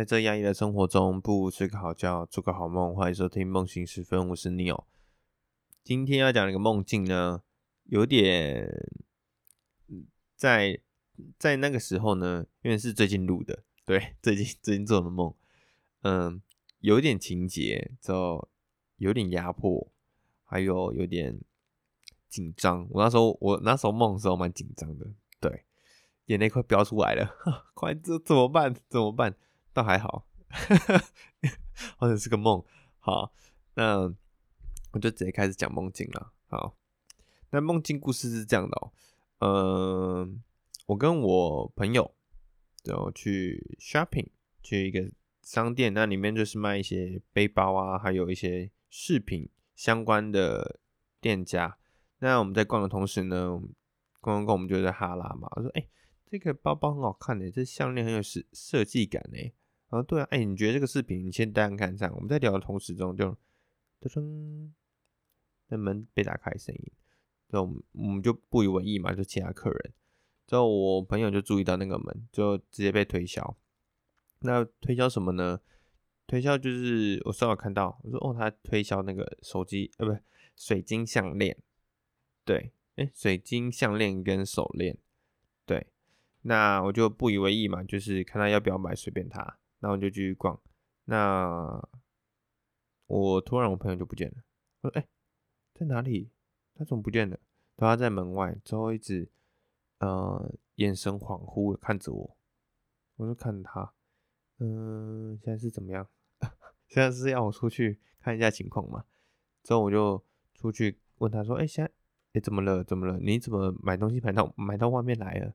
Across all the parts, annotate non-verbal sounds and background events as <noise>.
在這壓抑的生活中，不如睡個好覺，做個好夢。或者說聽《夢醒時分》，我是 Neil。今天要講的一個夢境呢，有點在在那個時候呢，因為是最近錄的，對，最近最近做的夢，嗯，有點情節，就有點壓迫，還有有點緊張。我那時候我那時候夢的時候蠻緊張的，對，眼淚快飆出來了，快這怎麼辦？怎麼辦？倒還好，哈哈好像是個夢。好，那我就直接開始講夢境了。好，那夢境故事是這樣的哦。嗯，我跟我朋友然後去 shopping，去一個商店，那裡面就是賣一些背包啊，還有一些飾品相關的店家。那我們在逛的同時呢，逛逛逛，我們就在哈拉嘛。我說：“誒，這個包包很好看誒，這項鏈很有設設計感誒。”啊、哦，對啊，哎，你覺得這個視頻，你先單看一下。我們在聊的同時，中就噔噔，那門被打開的聲音，那我們，我們就不以為意嘛，就其他客人。之後我朋友就注意到那個門，就直接被推銷。那推銷什麼呢？推銷就是我上網看到，我說哦，他推銷那個手機，呃，不是水晶項鏈對，哎，水晶項鏈跟手鏈對。那我就不以為意嘛，就是看他要不要買，隨便他。然後就繼續逛，那我突然我朋友就不見了。我說：“哎、欸，在哪裡？他怎麼不見了？”然後他在門外。之後一直，呃，眼神恍惚的看着我。我就看他，嗯、呃，現在是怎麼樣？ <laughs> 現在是要我出去看一下情況嘛？之後我就出去問他說：“哎、欸，現在哎、欸、怎麼了？怎麼了？你怎麼買東西買到買到外面來了？”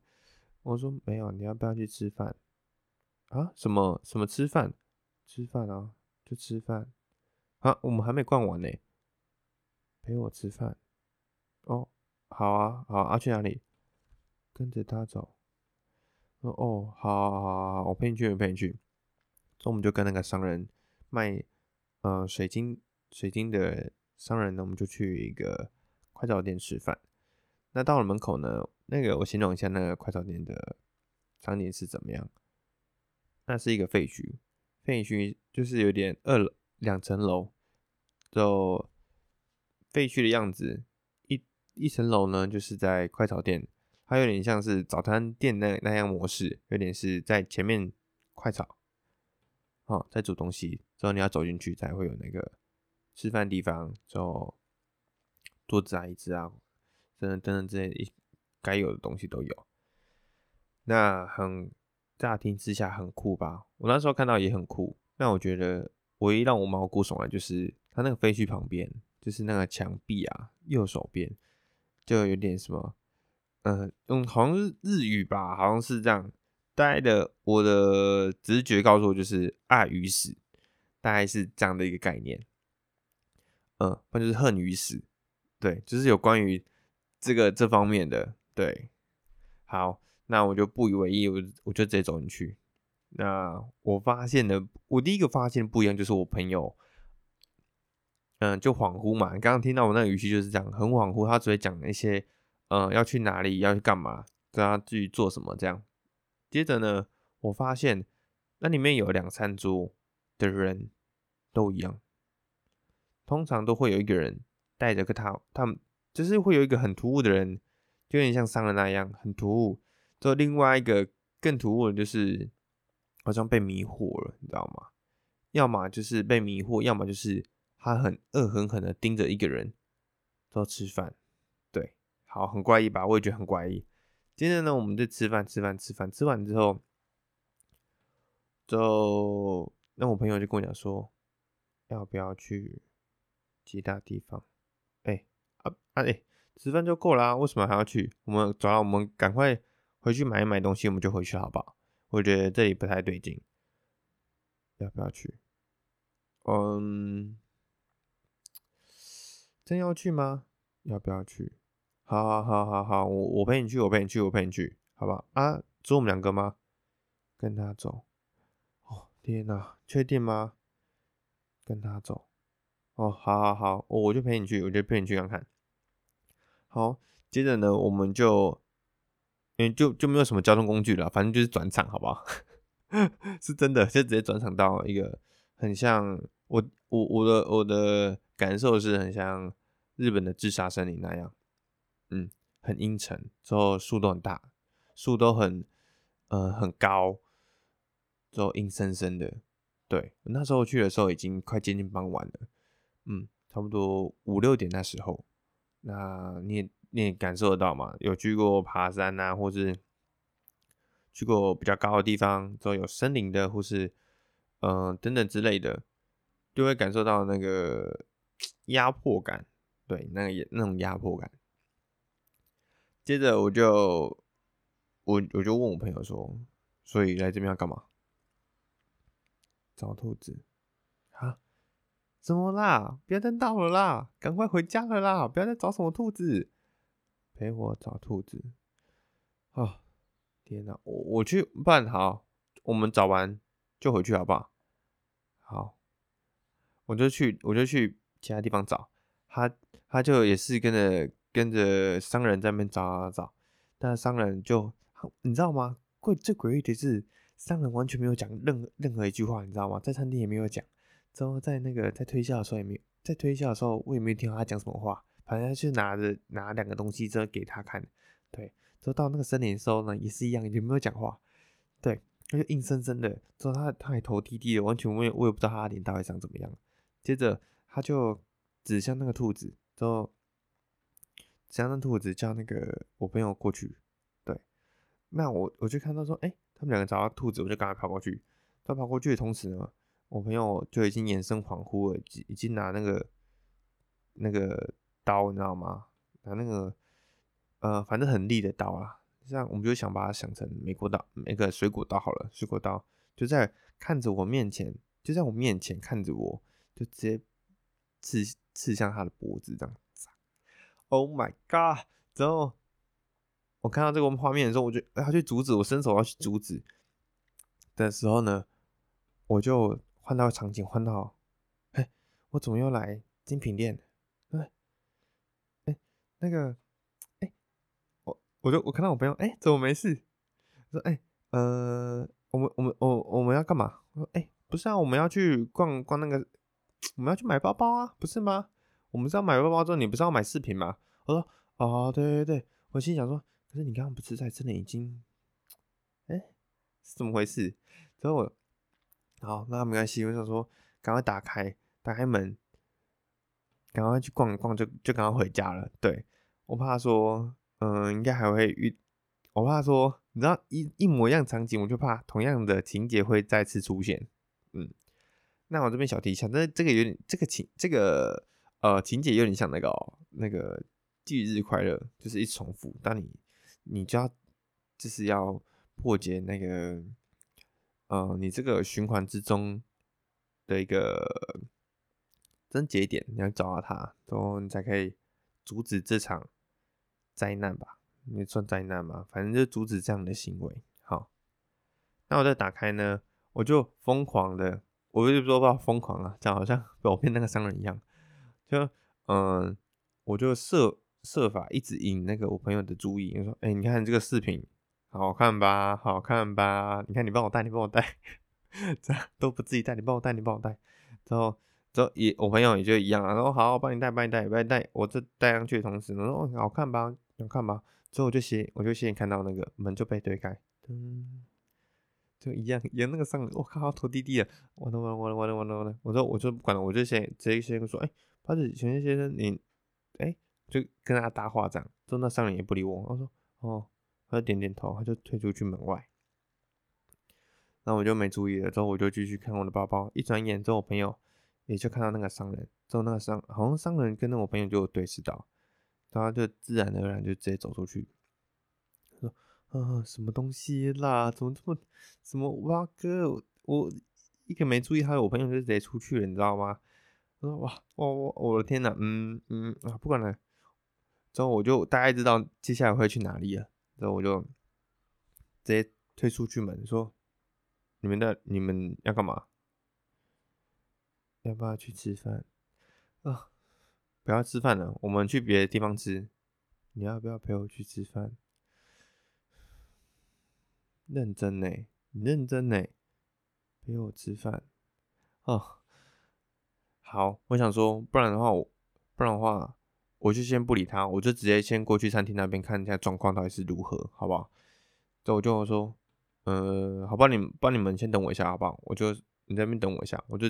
我說：“沒有，你要不要去吃飯？”啊，什麼什麼吃飯？吃飯啊，就吃飯。啊，我們還沒逛完呢。陪我吃飯。哦，好啊，好啊，啊去哪裡？跟着他走。哦，好、哦，好，好,好，好，我陪你去，我陪你去。所以我們就跟那個商人賣呃水晶水晶的商人呢，我們就去一個快炒店吃飯。那到了門口呢，那個我形容一下那個快炒店的場景是怎麼樣？那是一個廢墟，廢墟就是有點二兩層樓，就廢墟的樣子。一一層樓呢，就是在快炒店，它有點像是早餐店那那樣模式，有點是在前面快炒，哦，在煮東西，之後你要走進去才會有那個吃飯地方，就桌子啊椅子啊，等等等等之類一該有的東西都有。那很。乍聽之下很酷吧？我那時候看到也很酷，但我覺得唯一讓我毛骨悚然就是它那個廢墟旁邊，就是那個牆壁啊，右手邊就有點什麼，呃、嗯，用好像是日語吧，好像是這樣。大概的，我的直覺告訴我就是愛與死，大概是這樣的一個概念。嗯、呃，那就是恨與死，對，就是有關於這個這方面的，對，好。那我就不以為意，我我就直接走進去。那我發現的，我第一個發現不一樣就是我朋友，嗯、呃，就恍惚嘛。剛剛聽到我那個語氣就是這樣，很恍惚。他只會講一些，嗯、呃，要去哪裡，要去幹嘛，跟他去做什麼這樣。接着呢，我發現那裡面有兩三桌的人都一樣，通常都會有一個人帶着個他，他們就是會有一個很突兀的人，就有點像商人那樣很突兀。說另外一個更突兀的就是，好像被迷惑了，你知道嗎？要麼就是被迷惑，要麼就是他很惡狠狠的盯着一個人，都要吃飯。對，好，很怪異吧？我也覺得很怪異。接着呢，我們就吃飯，吃飯，吃飯，吃完之後，就那我朋友就跟我講說，要不要去其他地方？哎、欸，啊啊哎、欸，吃飯就夠啦、啊，為什麼還要去？我們找，我們趕快。回去買一買東西，我們就回去，好不好？我覺得這裡不太對勁，要不要去？嗯，真要去嗎？要不要去？好，好，好，好，好，好，好，我我陪你去，我陪你去，我陪你去，好不好？啊，只有我們兩個嗎？跟他走。哦，天哪，啊，確定嗎？跟他走。哦，好好好，我我就陪你去，我就陪你去看看。好，接着呢，我們就。嗯、欸，就就沒有什麼交通工具了，反正就是轉場，好不好？ <laughs> 是真的，就直接轉場到一個很像我我我的我的感受是很像日本的自殺森林那樣，嗯，很陰沉，之後樹都很大，樹都很呃很高，之後陰森森的。對，那時候去的時候已經快接近傍晚了，嗯，差不多五六點那時候，那你也。你感受得到嗎？有去過爬山吶、啊，或是去過比較高的地方，都有森林的，或是嗯、呃、等等之類的，就會感受到那個壓迫感，對，那個那種壓迫感。接着我就我我就問我朋友說，所以來這邊要幹嘛？找兔子？啊？怎麼啦？不要再鬧了啦，趕快回家了啦！不要再找什麼兔子。陪我找兔子，哦，天哪，啊，我我去辦好，我們找完就回去好不好？好，我就去，我就去其他地方找。他，他就也是跟着跟着商人在那邊找找找，但是商人就，你知道嗎？最最詭異的是，商人完全沒有講任任何一句話，你知道嗎？在餐廳也沒有講，之後在那個在推銷的時候也沒有，在推銷的時候我也沒有聽到他講什麼話。反正他就拿着拿兩個東西之後給他看，對，就到那個森林的時候呢，也是一樣，也沒有講話，對，他就硬生生的之後他他還頭低低的，完全我我也不知道他的臉到底長怎麼樣。接着他就指向那個兔子之後，指向那兔子叫那個我朋友過去，對，那我我就看到說，哎、欸，他們兩個找到兔子，我就趕快跑過去，他跑過去的同時呢，我朋友就已經眼神恍惚了，已經拿那個那個。刀，你知道嗎？拿那個，呃，反正很利的刀啦、啊。這樣，我們就想把它想成美國刀，那個水果刀好了。水果刀就在看着我面前，就在我面前看着我，就直接刺刺向他的脖子這樣子。Oh my god！然後我看到這個畫面的時候，我就要他去阻止，我伸手我要去阻止的時候呢，我就換到場景，換到，嘿，我怎麼又來精品店？那個，哎、欸，我我就我看到我朋友，哎、欸，怎麼沒事？我說，哎、欸，呃，我們我們我我們要幹嘛？我說，哎、欸，不是啊，我們要去逛逛那個，我們要去買包包啊，不是嗎？我們是要買包包之後，你不是要買飾品嗎？我說，哦，對對對，我心想說，可是你剛剛不吃菜，吃的已經，哎、欸，是怎麼回事？之後我，好，那沒關係，我想說趕快打開打開門。趕快去逛一逛就、就就趕快回家了。對，我怕說，嗯、呃，應該還會遇。我怕說，你知道一一模一樣場景，我就怕同樣的情節會再次出現。嗯，那我這邊小提一下，這這個有點，這個情，這個呃情節有點像那個、哦、那個《忌日快樂》，就是一重複，但你你就要就是要破解那個，呃，你這個循環之中的一個。真節點你要找到他，然後你才可以阻止這場災難吧？你算災難吧，反正就是阻止這樣的行為。好，那我再打開呢，我就瘋狂的，我不是說不瘋狂啊，就好像我騙那個商人一樣，就嗯，我就設設法一直引那個我朋友的注意，我說，哎、欸，你看這個視頻好看吧？好看吧？你看你幫我帶，你幫我帶， <laughs> 這樣都不自己帶，你幫我帶，你幫我帶，之後。之後也我朋友也就一樣啊，然後好，我幫你戴，幫你戴，幫你戴。我這戴上去的同時，然哦，好看吧，好看吧。之後我就斜，我就斜眼看到那個門就被推開，嗯，就一樣。沿那個上，我靠，拖地地了，完了完了完了完了完了完了。我說我就不管了，我就先直接先說，誒、欸，包子錢先生，你，誒、欸，就跟他搭話這樣。之後那上人也不理我，我說哦，他就點點頭，他就退出去門外。然後我就沒注意了，之後我就繼續看我的包包。一轉眼之後，我朋友。也就看到那個商人，之後那個商好像商人跟着我朋友就對視到，然後就自然而然就直接走出去。說：“嗯、啊，什麼東西啦？怎麼這麼……什麼哇？哥，我，我一個沒注意他，他我朋友就直接出去了，你知道嗎？”他說：“哇，我我我的天哪！嗯嗯啊，不管了。”之後我就大概知道接下來會去哪裡了。然後我就直接推出去門，說：“你們的，你們要幹嘛？”要不要去吃飯？啊、哦，不要吃飯了，我們去別的地方吃。你要不要陪我去吃飯？認真呢，你認真呢，陪我吃飯。哦，好，我想說，不然的話，不然的話，我就先不理他，我就直接先過去餐廳那邊看一下狀況到底是如何，好不好？這我就說，呃，好，幫你幫你們先等我一下，好不好？我就你在那邊等我一下，我就。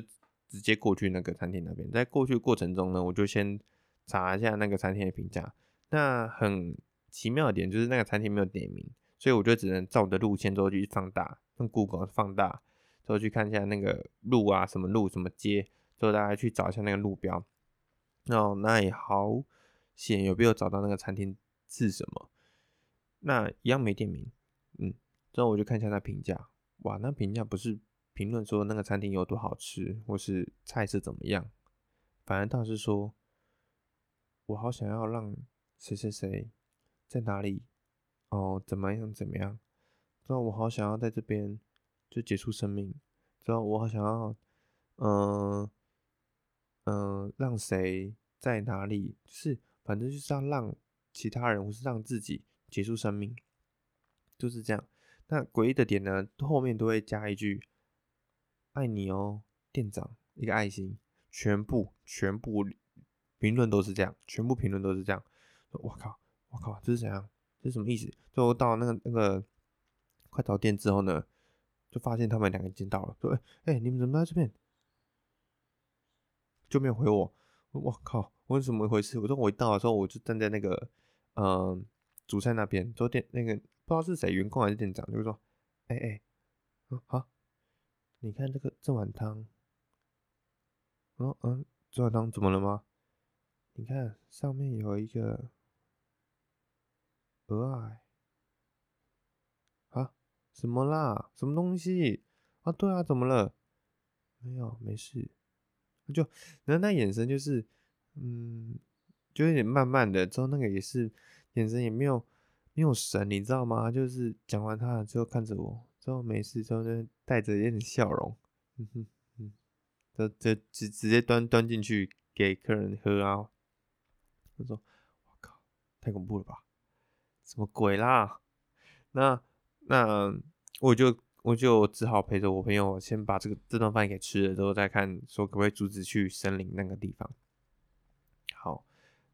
直接過去那個餐廳那邊，在過去的過程中呢，我就先查一下那個餐廳的評價。那很奇妙的點就是那個餐廳沒有店名，所以我就只能照我的路線之後去放大，用 Google 放大，之後去看一下那個路啊，什麼路、什麼街，之後大家去找一下那個路標，然後那也好險有沒有找到那個餐廳是什麼，那一樣沒店名，嗯，之後我就看一下那評價，哇，那評價不是。評論說那個餐廳有多好吃，或是菜是怎麼樣。反而倒是說，我好想要讓誰誰誰在哪裡哦，怎麼樣怎麼樣。之後我好想要在這邊就結束生命。之後我好想要，嗯、呃、嗯、呃，讓誰在哪裡，是反正就是要讓其他人或是讓自己結束生命，就是這樣。那詭異的點呢，後面都會加一句。愛你哦，店長，一個愛心，全部全部評論都是這樣，全部評論都是這樣。我靠，我靠，這是怎樣？這是什麼意思？最後到那個那個快到店之後呢，就發現他們兩個已經到了。說，哎、欸、哎、欸，你們怎麼在這邊？就沒有回我。我靠，我什麼一回事？我說我一到的時候，我就站在那個嗯主菜那邊，做店那個不知道是誰員工還是店長，就是說，哎、欸、哎，好、欸。嗯你看這個這碗湯，嗯、哦、嗯，這碗湯怎麼了嗎？你看上面有一個鵝眼，啊，什麼啦？什麼東西？啊，對啊，怎麼了？沒有，沒事。就然後那眼神就是，嗯，就有點慢慢的，之後那個也是眼神也沒有、沒有神，你知道嗎？就是講完他了之後看着我。都沒事，說就帶着一點點笑容，嗯哼嗯就就直直接端端進去給客人喝啊。他說：“我靠，太恐怖了吧？什麼鬼啦？”那那我就我就只好陪着我朋友先把這個這頓飯給吃了，之後再看說可不可以阻止去森林那個地方。好，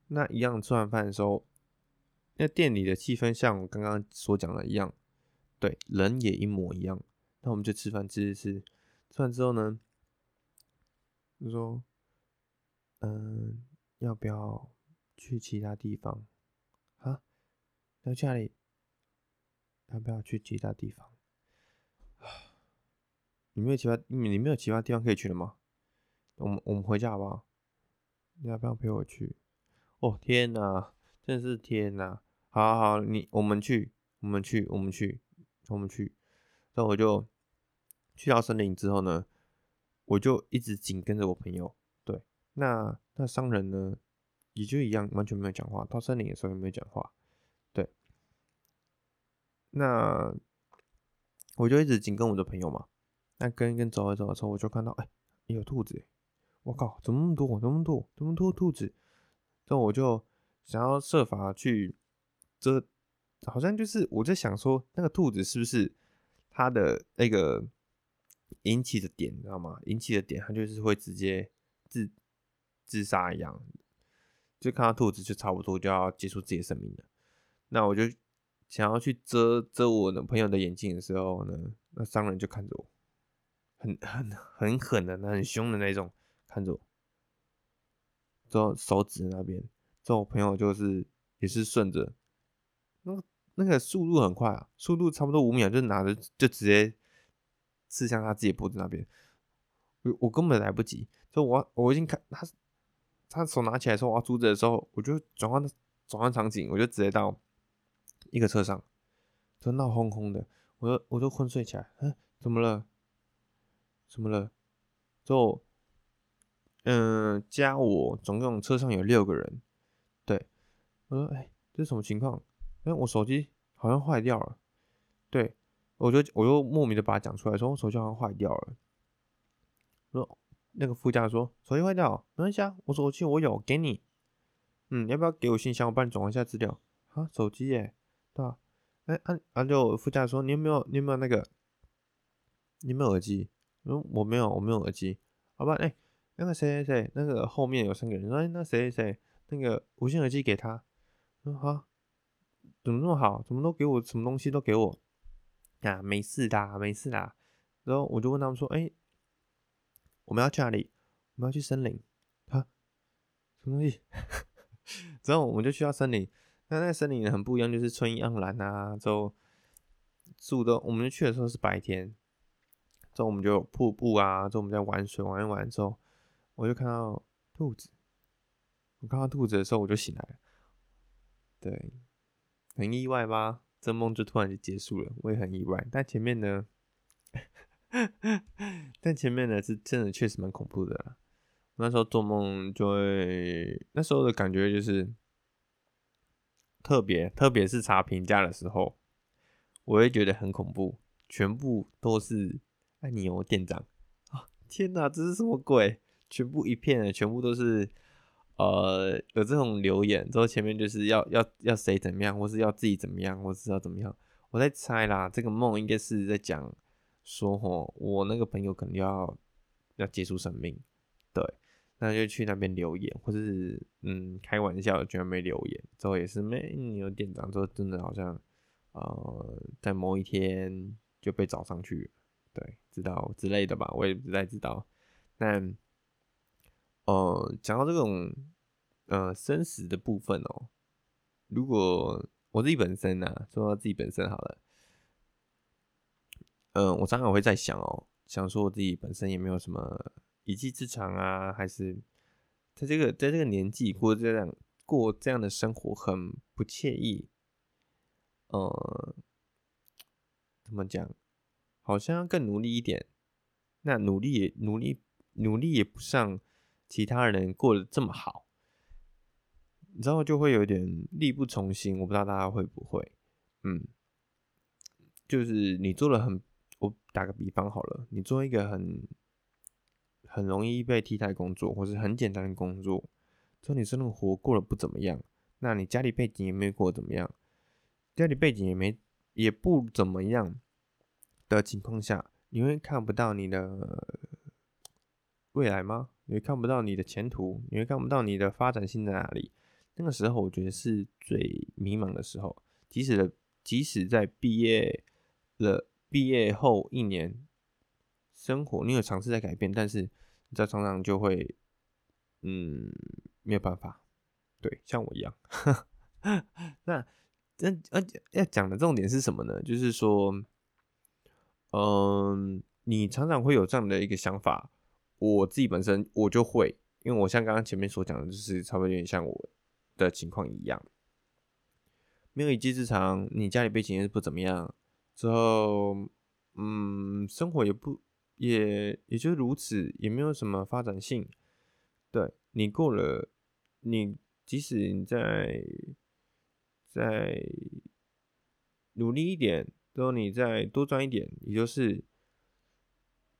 那一樣吃完飯的時候，那店裡的氣氛像我剛剛所講的一樣。對，人也一模一樣。那我們就吃飯，吃一吃。吃完之後呢？就說，嗯，要不要去其他地方？啊？要去哪裡，要不要去其他地方、啊？你沒有其他，你沒有其他地方可以去了嗎？我們，我們回家好不好？你要不要陪我去？哦，天哪、啊！真的是天哪、啊！好，好好，你，我們去，我們去，我們去，我們去，那我就去到森林之後呢，我就一直緊跟着我朋友。對，那那商人呢，也就一樣，完全沒有講話。到森林的時候也沒有講話。對，那我就一直緊跟我的朋友嘛。那跟一跟走啊走的時候，我就看到，哎、欸，有兔子，我靠，怎麼那麼多，怎麼那麼多，怎麼那麼多兔、兔子？那我就想要設法去遮。好像就是我在想說，那個兔子是不是它的那個引起的點，你知道嗎？引起的點，它就是會直接自自殺一樣，就看到兔子就差不多就要結束自己的生命了。那我就想要去遮遮我朋友的眼睛的時候呢，那商人就看着我，很很很狠的，很凶的那種看着我，之後手指那邊，之後我朋友就是也是順着。那那個速度很快啊，速度差不多五秒就拿着就直接刺向他自己脖子那邊，我我根本來不及，就我我已經看他他手拿起來的時候，我要阻止的時候，我就轉換轉換場景，我就直接到一個車上，就鬧哄哄的，我就我就昏睡起來，嗯，怎麼了？怎麼了？就嗯、呃、加我，總共車上有六個人，對，我說哎，這是什麼情況？哎、欸，我手機好像壞掉了。對，我就我就莫名的把它講出來，說我手機好像壞掉了、嗯。那個副駕說手機壞掉了沒關係啊，我手機我有給你。嗯，要不要給我信箱？我幫你轉換一下資料。好、啊，手機耶、欸，對吧？哎啊啊！欸、啊就副駕說你有沒有你有沒有那個你有沒有耳機？嗯，我沒有我沒有耳機。好吧，哎、欸，那個誰誰誰，那個後面有三個人哎，那誰、誰、誰那個無線耳機給他。嗯，好、啊。怎麼那麼好？怎麼都給我什麼東西都給我？啊，沒事的啊，沒事的啊。然後我就問他們說：“欸，我們要去哪裡？我們要去森林。啊”他什麼東西？然 <laughs> 後我們就去到森林。那那森林很不一樣，就是春意盎然啊。之後，樹都我們就去的時候是白天。之後我們就有瀑布啊，之後我們在玩水玩一玩之後，我就看到兔子。我看到兔子的時候，我就醒來了。對。很意外吧？這夢就突然就結束了，我也很意外。但前面呢？ <laughs> 但前面呢是真的確實蠻恐怖的啦。那時候做夢就會，那時候的感覺就是特別，特別是查評價的時候，我會覺得很恐怖，全部都是愛、啊、你哦，店長。啊，天哪，這是什麼鬼？全部一片，全部都是。呃，有這種留言之後，前面就是要要要誰怎麼樣，或是要自己怎麼樣，或是要怎麼樣，我在猜啦。這個夢應該是在講說，吼，我那個朋友可能要要結束生命，對，那就去那邊留言，或是嗯開玩笑，居然沒留言，之後也是沒有點讚，之後真的好像呃，在某一天就被找上去，對，知道之類的吧，我也不太知道。但呃，講到這種。呃，生死的部分哦，如果我自己本身呢、啊，說到自己本身好了。嗯、呃，我常常會在想哦，想說我自己本身也沒有什麼一技之長啊，還是在這個在這個年紀過這樣過這樣的生活很不愜意。嗯、呃，怎麼講？好像更努力一點，那努力也努力努力也不像其他人過得這麼好。你知道就會有點力不從心，我不知道大家會不會，嗯，就是你做了很，我打個比方好了，你做一個很很容易被替代工作，或是很簡單的工作，說你生活過得不怎麼樣，那你家裡背景也沒過怎麼樣，家裡背景也沒也不怎麼樣的情況下，你會看不到你的未來嗎？你會看不到你的前途？你會看不到你的發展性在哪裡？那個時候我覺得是最迷茫的時候，即使了即使在畢業了，畢業後一年，生活你有嘗試在改變，但是你在常常就會，嗯，沒有辦法，對，像我一樣。 <laughs> 那那要講的重點是什麼呢？就是說，嗯，你常常會有這樣的一個想法，我自己本身我就會，因為我像剛剛前面所講的，就是差不多有點像我。的情況一樣，沒有一技之長，你家裡背景也是不怎麼樣，之後，嗯，生活也不也也就如此，也沒有什麼發展性。對，你過了，你即使你再再努力一點，之後你再多賺一點，也就是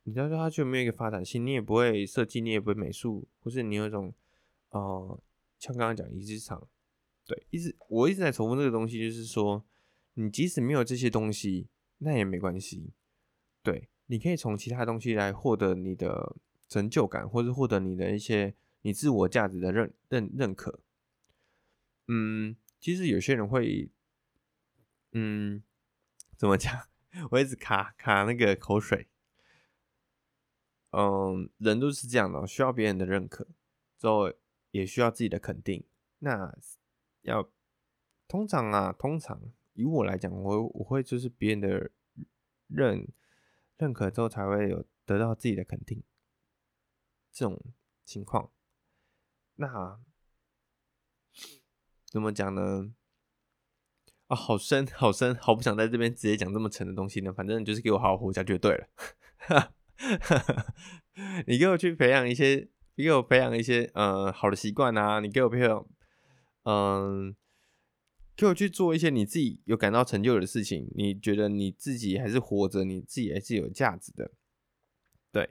你知道它就沒有一個發展性，你也不會設計，你也不會美術，或是你有一種，哦、呃。像剛剛講，一技之長，對，一直我一直在重複這個東西，就是說，你即使沒有這些東西，那也沒關係，對，你可以從其他東西來獲得你的成就感，或者獲得你的一些你自我價值的認認認可。嗯，其實有些人會，嗯，怎麼講？我一直卡卡那個口水。嗯，人都是這樣的、喔，需要別人的認可，之後。也需要自己的肯定。那要通常啊，通常以我來講我，我我會就是別人的認認可之後，才會有得到自己的肯定。這種情況，那怎麼講呢？啊、哦，好深，好深，好不想在這邊直接講這麼沉的東西呢。反正就是給我好好活下去就對了。哈哈哈，你給我去培養一些。你給我培養一些呃好的習慣啊！你給我培養，嗯，給我去做一些你自己有感到成就的事情。你覺得你自己還是活着，你自己還是有價值的，對。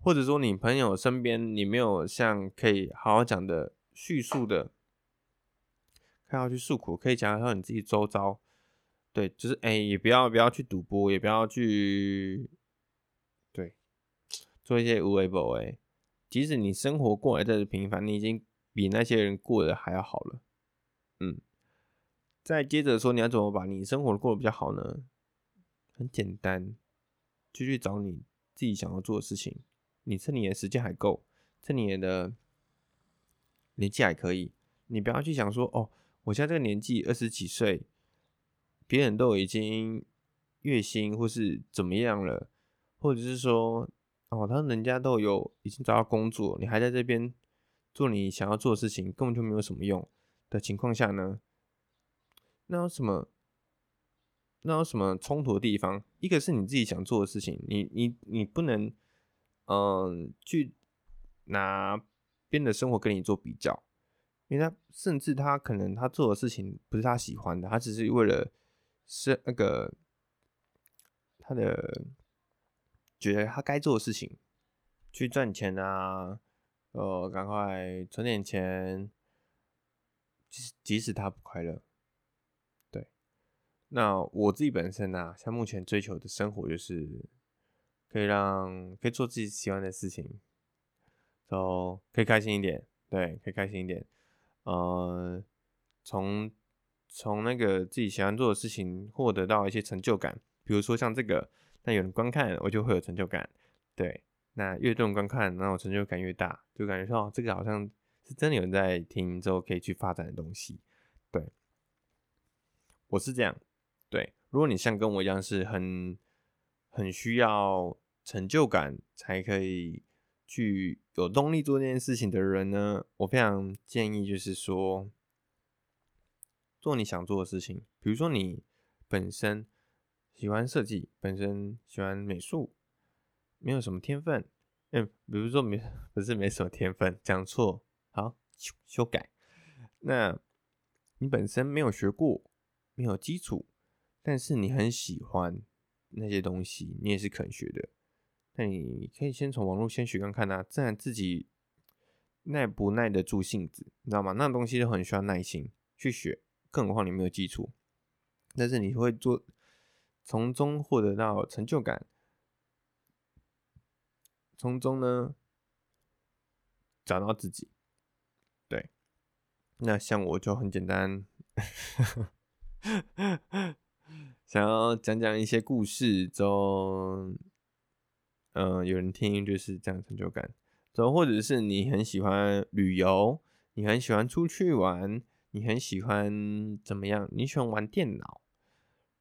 或者說你朋友身邊你沒有像可以好好講的敘述的，想要去訴苦，可以講一講你自己周遭。對，就是哎、欸，也不要不要去賭博，也不要去對做一些無謂的哎。其實你生活過來再平凡，你已經比那些人過得還要好了。嗯，再接着說，你要怎麼把你生活過得比較好呢？很簡單，就去找你自己想要做的事情。你趁你的時間還夠，趁你的年紀還可以，你不要去想說哦，我現在這個年紀二十幾歲，別人都已經月薪或是怎麼樣了，或者是說。哦，他人家都有已經找到工作，你還在這邊做你想要做的事情，根本就沒有什麼用的情況下呢？那有什麼？那有什麼衝突的地方？一個是你自己想做的事情，你你你不能，嗯、呃，去拿別人的生活跟你做比較，因為他甚至他可能他做的事情不是他喜歡的，他只是為了是那個他的。覺得他該做的事情，去賺錢啊，呃，趕快存點錢，即使他不快樂，對。那我自己本身啊，像目前追求的生活就是，可以讓可以做自己喜歡的事情，然後可以開心一點，對，可以開心一點，呃，從從那個自己喜歡做的事情獲得到一些成就感，比如說像這個。那有人觀看，我就會有成就感。對，那越多人觀看，那我成就感越大，就感覺說哦，這個好像是真的有人在聽，之後可以去發展的東西。對，我是這樣。對，如果你像跟我一樣，是很很需要成就感才可以去有動力做這件事情的人呢，我非常建議，就是說，做你想做的事情，比如說你本身，喜歡設計，本身喜歡美術，沒有什麼天分。嗯，比如說沒不是沒什麼天分，講錯，好修修改。那你本身沒有學過，沒有基礎，但是你很喜歡那些東西，你也是肯學的。那你可以先從網絡先學看看啊，自然自己耐不耐得住性子，你知道嗎？那個東西就很需要耐心去學，更何況你沒有基礎，但是你會做。從中獲得到成就感，從中呢，找到自己，對。那像我就很簡單， <laughs> 想要講講一些故事，就，嗯，有人聽就是這樣成就感。就，或者是你很喜歡旅遊，你很喜歡出去玩，你很喜歡怎麼樣？你喜歡玩電腦，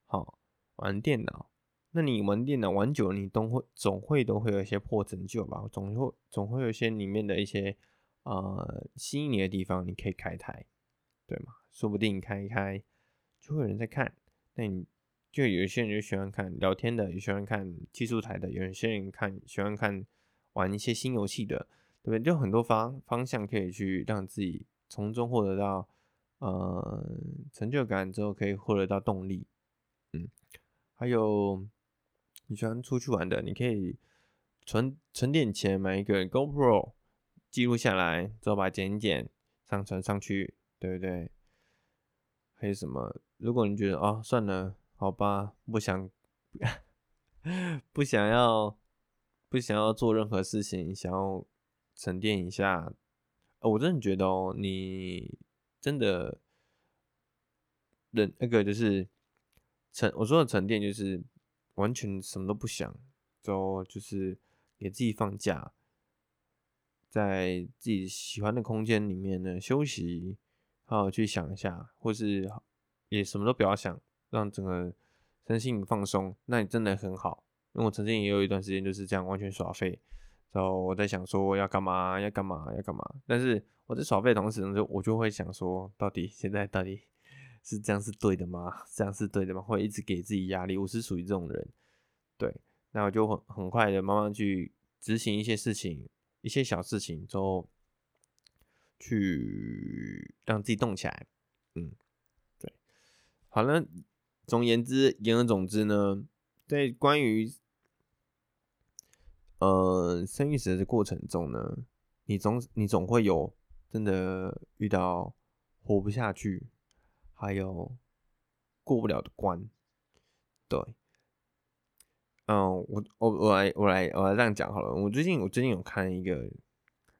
好。玩電腦，那你玩電腦玩久了你都會，你總會總會都會有一些破成就吧？總會總會有一些裡面的一些，呃，吸引你的地方，你可以開台，對嗎？說不定開一開，就會有人在看。那你就有些人就喜歡看聊天的，也喜歡看技術台的，有些人看喜歡看玩一些新遊戲的，對不對？就很多方方向可以去讓自己從中獲得到，呃，成就感之後可以獲得到動力，嗯。還有你喜歡出去玩的，你可以存存點錢買一個 GoPro 記錄下來，之後把剪剪上傳上去，對不對？還有什麼？如果你覺得哦，算了，好吧，不想不想要不想要做任何事情，想要沉澱一下，哦，我真的覺得哦，你真的人，那個就是。沉，我說的沉澱就是完全什麼都不想，就就是給自己放假，在自己喜歡的空間裡面呢休息，好好去想一下，或是也什麼都不要想，讓整個身心放鬆。那你真的很好，因為我曾經也有一段時間就是這樣完全耍廢，然後我在想說要幹嘛，要干嘛，要幹嘛，但是我在耍廢的同時呢，就我就會想說，到底現在到底。是這樣是對的嗎？這樣是對的嗎？會一直給自己壓力，我是屬於這種人。對，那我就很很快的慢慢去執行一些事情，一些小事情之後。去讓自己動起來。嗯，對。好了，總而言之，言而總之呢，在關於嗯、呃、生育時的過程中呢，你總你總會有真的遇到活不下去。還有過不了的關，對、uh,，嗯，我我我來我來我來這樣講好了。我最近我最近有看一個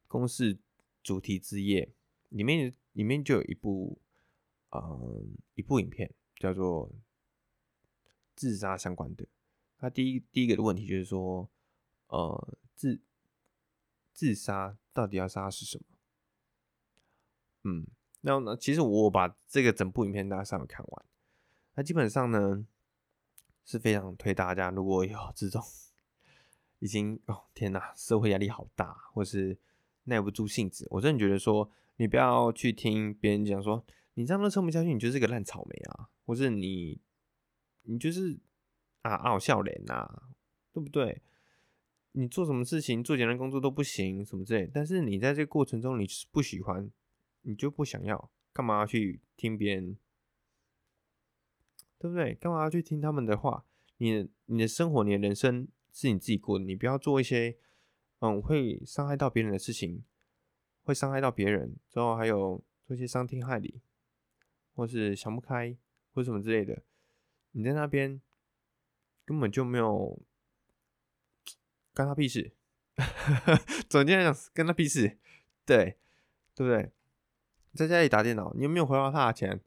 公視主題之夜，裡面裡面就有一部嗯、uh, 一部影片叫做自殺相關的。它第一第一個的問題就是說，呃、uh,，自自殺到底要殺是什麼？嗯。那呢？Now, 其實我把這個整部影片大家上面看完，那基本上呢是非常推大家。如果有這種已經哦天哪，社會壓力好大，或是耐不住性子，我真的覺得說，你不要去聽別人講說，你這樣都撐不下去，你就是個爛草莓啊，或是你你就是啊傲笑臉吶，對不對？你做什麼事情做簡單工作都不行什麼之類，但是你在這個過程中，你是不喜歡。你就不想要，幹嘛要去聽別人，對不對？幹嘛要去聽他們的話？你的你的生活，你的人生是你自己過的，你不要做一些嗯會傷害到別人的事情，會傷害到別人之後，還有做一些傷天害理，或是想不開或什麼之類的，你在那邊根本就沒有干他屁事。總 <laughs> 結來講，跟他屁事，對對不對？在家裡打電腦，你有沒有回報他的錢？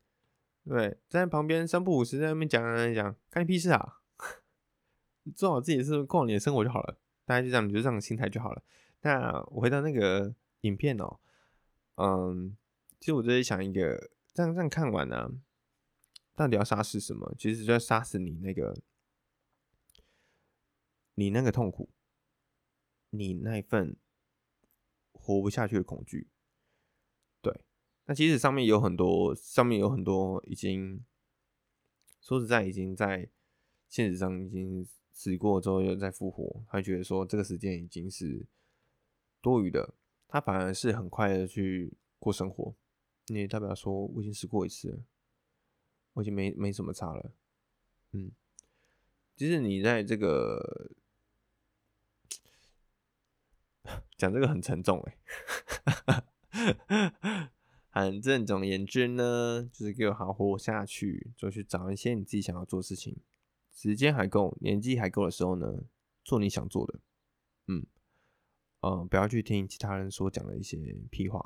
對，在旁邊三不五時在那邊講講講，幹你屁事啊！呵呵做好自己的事，過好你的生活就好了。大家就這樣，你就這樣心態就好了。那我回到那個影片哦、喔，嗯，其實我在想一個，這樣這樣看完呢、啊，到底要殺死什麼？其實就要殺死你那個，你那個痛苦，你那份活不下去的恐懼。那其實上面有很多，上面有很多已經說實在已經在現實上已經死過之後又在復活，他覺得說這個時間已經是多餘的，他反而是很快的去過生活，因為代表說我已經死過一次了，我已經沒沒什麼差了，嗯，其實你在這個講這個很沉重哎、欸。 <laughs> 反正總而言之呢，就是給我好好活下去，就去找一些你自己想要做的事情，時間還夠，年紀還夠的時候呢，做你想做的。嗯，呃、嗯，不要去聽其他人所講的一些屁話。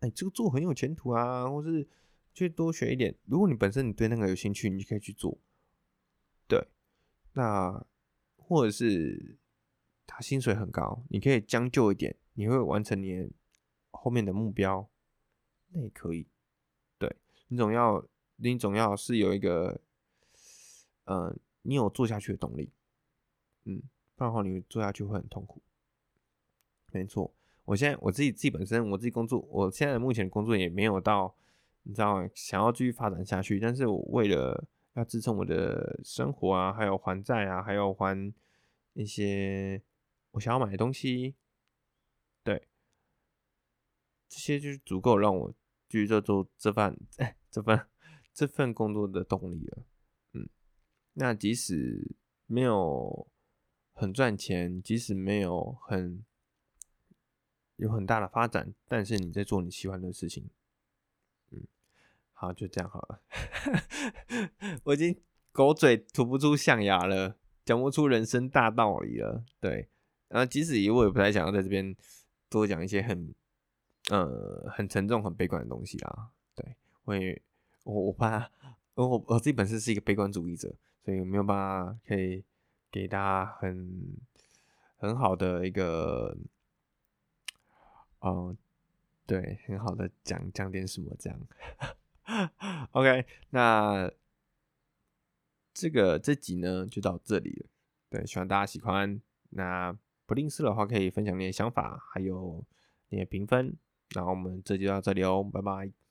哎、欸，這個做很有前途啊，或是去多學一點。如果你本身你對那個有興趣，你就可以去做。對，那或者是他薪水很高，你可以將就一點，你會完成你後面的目標。那也可以，對，你總要，你總要是有一個，嗯、呃，你有做下去的動力，嗯，不然的話你做下去會很痛苦。沒錯，我現在我自己自己本身我自己工作，我現在目前的工作也沒有到，你知道，想要繼續發展下去，但是我為了要支撐我的生活啊，還有還債啊，還有還一些我想要買的東西，對，這些就是足夠讓我。去做做這份、欸，、這份這份工作的動力了。嗯，那即使沒有很賺錢，即使沒有很有很大的發展，但是你在做你喜歡的事情，嗯，好，就這樣好了。 <laughs> 我已經狗嘴吐不出象牙了，講不出人生大道理了。對，然後即使也我也不太想要在這邊多講一些很。呃、嗯，很沉重、很悲觀的東西啦。對，我也，我我怕，我我自己本身是一個悲觀主義者，所以沒有辦法可以給大家很很好的一個，嗯，對，很好的講講點什麼這樣。 <laughs> OK，那這個這集呢就到這裡了。對，希望大家喜歡。那不定時的話，可以分享你的想法，還有你的評分。然後我們這期到這裡哦，拜拜。